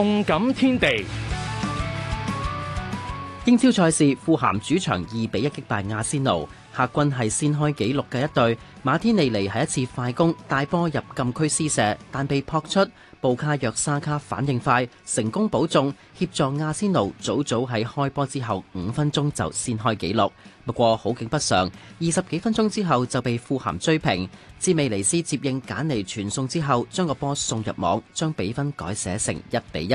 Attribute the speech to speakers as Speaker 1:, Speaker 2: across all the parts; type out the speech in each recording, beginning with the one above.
Speaker 1: 動感天地。英超賽事，富咸主場二比一擊敗阿仙奴，客軍係先開紀錄嘅一隊。馬天尼尼喺一次快攻帶波入禁區施射，但被撲出。布卡約沙卡反應快，成功保中，協助阿仙奴早早喺開波之後五分鐘就先開紀錄。不過好景不常，二十幾分鐘之後就被富咸追平。智美尼斯接應簡尼傳送之後，將個波送入網，將比分改寫成一比一。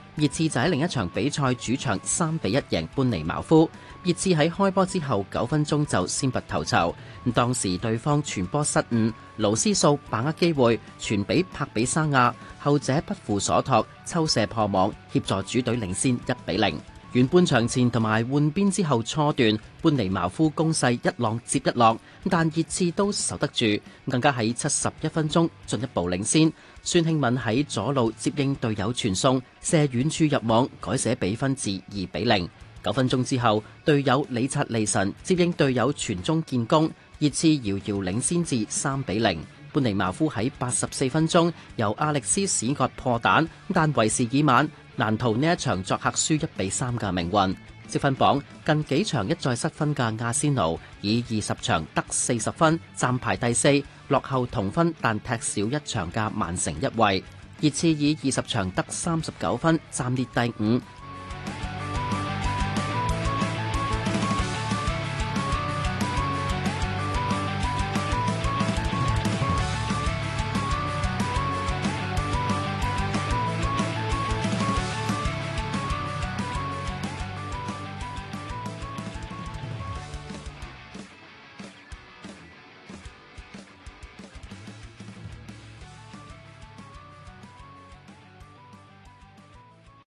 Speaker 1: 熱刺就喺另一場比賽，主場三比一贏般尼茅夫。熱刺喺開波之後九分鐘就先拔頭籌，當時對方傳波失誤，勞斯素把握機會傳俾帕比沙亞，後者不負所託，抽射破網，協助主隊領先一比零。完半場前同埋換邊之後初段，般尼矛夫攻勢一浪接一浪，但熱刺都守得住，更加喺七十一分鐘進一步領先。孫興敏喺左路接應隊友傳送，射遠處入網，改寫比分至二比零。九分鐘之後，隊友李察利神接應隊友傳中建功，熱刺遙遙領先至三比零。般尼茅夫喺八十四分鐘由阿歷斯史葛破蛋，但為時已晚，難逃呢一場作客輸一比三嘅命運。積分榜近幾場一再失分嘅阿仙奴，以二十場得四十分，暫排第四，落後同分但踢少一場嘅曼城一位。熱刺以二十場得三十九分，暫列第五。